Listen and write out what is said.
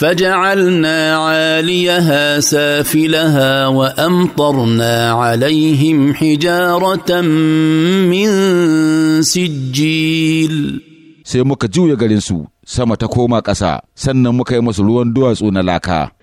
فجعلنا عاليها سافلها وامطرنا عليهم حجاره من سجيل sai muka juya garinsu sama ta koma ƙasa sannan muka yi masu ruwan duwatsu na laka